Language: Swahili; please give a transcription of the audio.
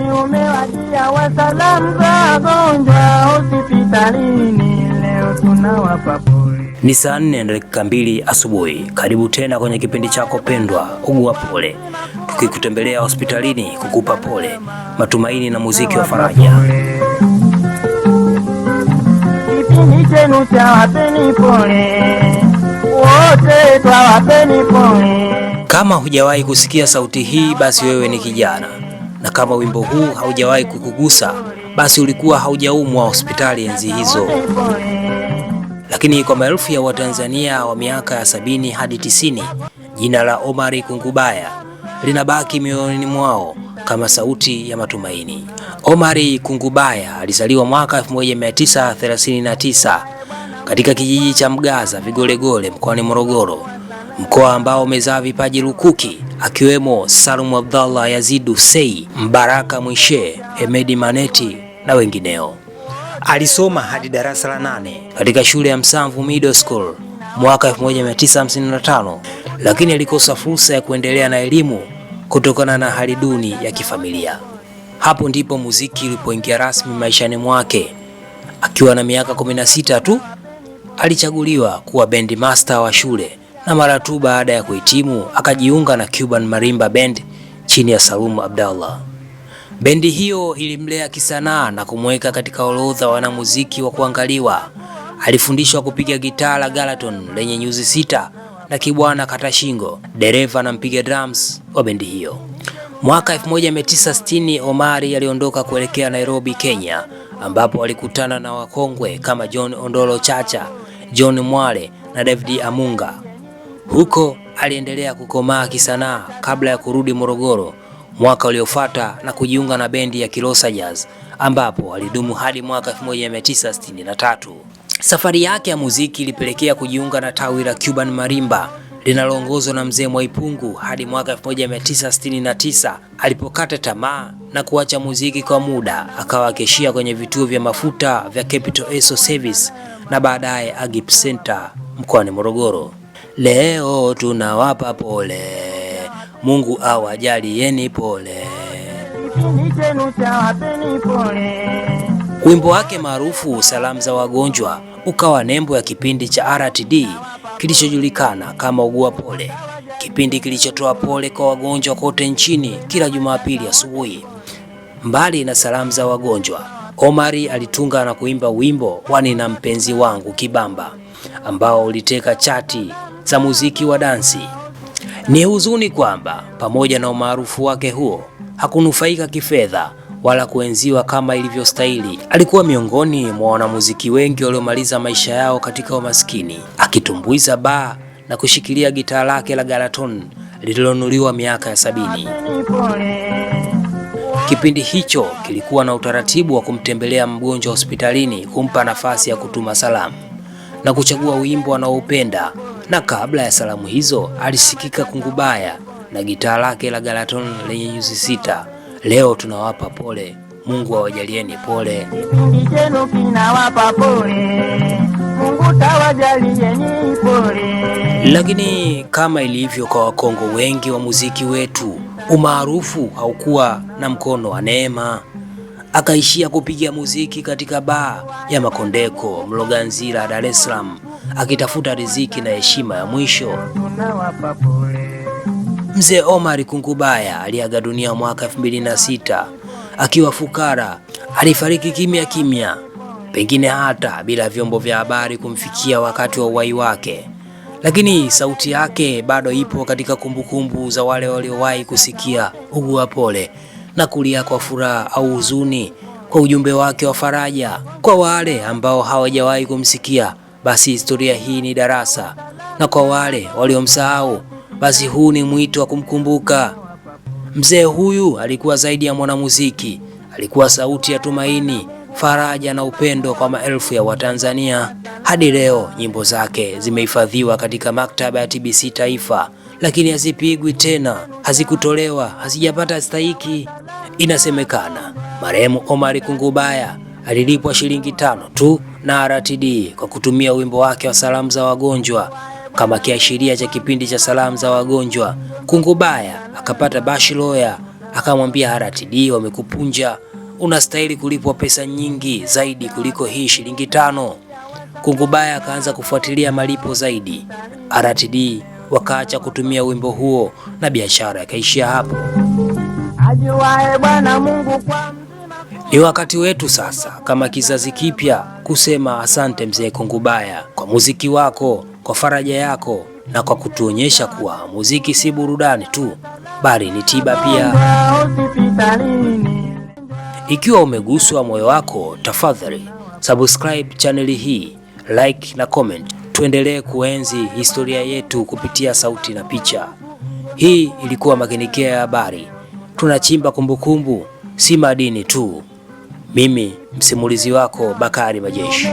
umewadia salamu za wagonjwa hospitalini leo tunawapa pole. Ni saa nne na dakika mbili asubuhi. Karibu tena kwenye kipindi chako pendwa Ugua Pole, tukikutembelea hospitalini kukupa pole, matumaini na muziki wa faraja. Kipindi chenu cha wapeni pole, wote twawapeni pole. Kama hujawahi kusikia sauti hii, basi wewe ni kijana na kama wimbo huu haujawahi kukugusa, basi ulikuwa haujaumwa hospitali enzi hizo. Lakini kwa maelfu ya Watanzania wa miaka ya sabini hadi tisini, jina la omari Kungubaya linabaki mioyoni mwao kama sauti ya matumaini. omari Kungubaya alizaliwa mwaka 1939 katika kijiji cha Mgaza Vigolegole mkoani Morogoro, mkoa ambao umezaa vipaji lukuki akiwemo Salum Abdallah, Yazid sei Mbaraka Mwishe, Hemedi Maneti na wengineo. Alisoma hadi darasa la nane katika shule ya Msamvu Middle School mwaka 1955 lakini alikosa fursa ya kuendelea na elimu kutokana na hali duni ya kifamilia. Hapo ndipo muziki ulipoingia rasmi maishani mwake. Akiwa na miaka 16 tu alichaguliwa kuwa bendi master wa shule na mara tu baada ya kuhitimu akajiunga na Cuban Marimba Band chini ya Salum Abdallah. Bendi hiyo ilimlea kisanaa na kumweka katika orodha wanamuziki wa kuangaliwa. Alifundishwa kupiga gitaa la galaton lenye nyuzi sita na Kibwana Katashingo, dereva na mpiga drums wa bendi hiyo. Mwaka 1960 Omari aliondoka kuelekea Nairobi, Kenya, ambapo alikutana na wakongwe kama John Ondolo Chacha, John Mwale na David Amunga. Huko aliendelea kukomaa kisanaa kabla ya kurudi Morogoro mwaka uliofuata na kujiunga na bendi ya Kilosa Jazz ambapo alidumu hadi mwaka 1963. Safari yake ya muziki ilipelekea kujiunga na tawi la Cuban Marimba linaloongozwa na mzee Mwaipungu hadi mwaka 1969 alipokata tamaa na kuacha muziki kwa muda, akawa akishia kwenye vituo vya mafuta vya Capital Esso Service na baadaye Agip Center mkoani Morogoro. Leo tunawapa pole, Mungu awajalieni pole. Wimbo wake maarufu Salamu za Wagonjwa ukawa nembo ya kipindi cha RTD kilichojulikana kama Ugua Pole, kipindi kilichotoa pole kwa wagonjwa kote nchini kila Jumapili asubuhi. Mbali na Salamu za Wagonjwa, Omari alitunga na kuimba wimbo wani na Mpenzi Wangu Kibamba ambao uliteka chati za muziki wa dansi. Ni huzuni kwamba pamoja na umaarufu wake huo hakunufaika kifedha wala kuenziwa kama ilivyostahili. Alikuwa miongoni mwa wanamuziki wengi waliomaliza maisha yao katika umaskini, akitumbuiza baa na kushikilia gitaa lake la Galaton lililonuliwa miaka ya sabini. Kipindi hicho kilikuwa na utaratibu wa kumtembelea mgonjwa hospitalini, kumpa nafasi ya kutuma salamu na kuchagua wimbo anaoupenda na kabla ya salamu hizo alisikika kungubaya na gitaa lake la galaton lenye nyuzi sita. Leo tunawapa pole, Mungu awajalieni pole. Kipindi chenu kinawapa pole, Mungu tawajalieni pole. Lakini kama ilivyo kwa wakongo wengi wa muziki wetu, umaarufu haukuwa na mkono wa neema akaishia kupiga muziki katika baa ya Makondeko Mloganzila, Dar es Salaam, akitafuta riziki na heshima ya mwisho. Mzee Omar Kungubaya aliaga dunia mwaka 2006 akiwa fukara. Alifariki kimya kimya, pengine hata bila vyombo vya habari kumfikia wakati wa uhai wake, lakini sauti yake bado ipo katika kumbukumbu za wale waliowahi kusikia ugua pole na kulia kwa furaha au huzuni, kwa ujumbe wake wa faraja kwa wale ambao hawajawahi kumsikia. Basi historia hii ni darasa, na kwa wale waliomsahau, basi huu ni mwito wa kumkumbuka. Mzee huyu alikuwa zaidi ya mwanamuziki, alikuwa sauti ya tumaini, faraja na upendo kwa maelfu ya Watanzania. Hadi leo nyimbo zake zimehifadhiwa katika maktaba ya TBC Taifa, lakini hazipigwi tena, hazikutolewa, hazijapata stahiki. Inasemekana marehemu Omari Kungubaya alilipwa shilingi tano tu na RTD kwa kutumia wimbo wake wa salamu za wagonjwa kama kiashiria cha kipindi cha salamu za wagonjwa. Kungubaya akapata loya, akamwambia RTD, wamekupunja, unastahili kulipwa pesa nyingi zaidi kuliko hii shilingi tano. Kungubaya akaanza kufuatilia malipo zaidi. RTD wakaacha kutumia wimbo huo na biashara ikaishia hapo. Ni wakati wetu sasa kama kizazi kipya kusema asante mzee Kongubaya kwa muziki wako, kwa faraja yako na kwa kutuonyesha kuwa muziki si burudani tu bali ni tiba pia. Ikiwa umeguswa moyo wako, tafadhali subscribe chaneli hii, like na comment. Tuendelee kuenzi historia yetu kupitia sauti na picha. Hii ilikuwa Makini ya habari tunachimba kumbukumbu, si madini tu. Mimi msimulizi wako Bakari Majeshi.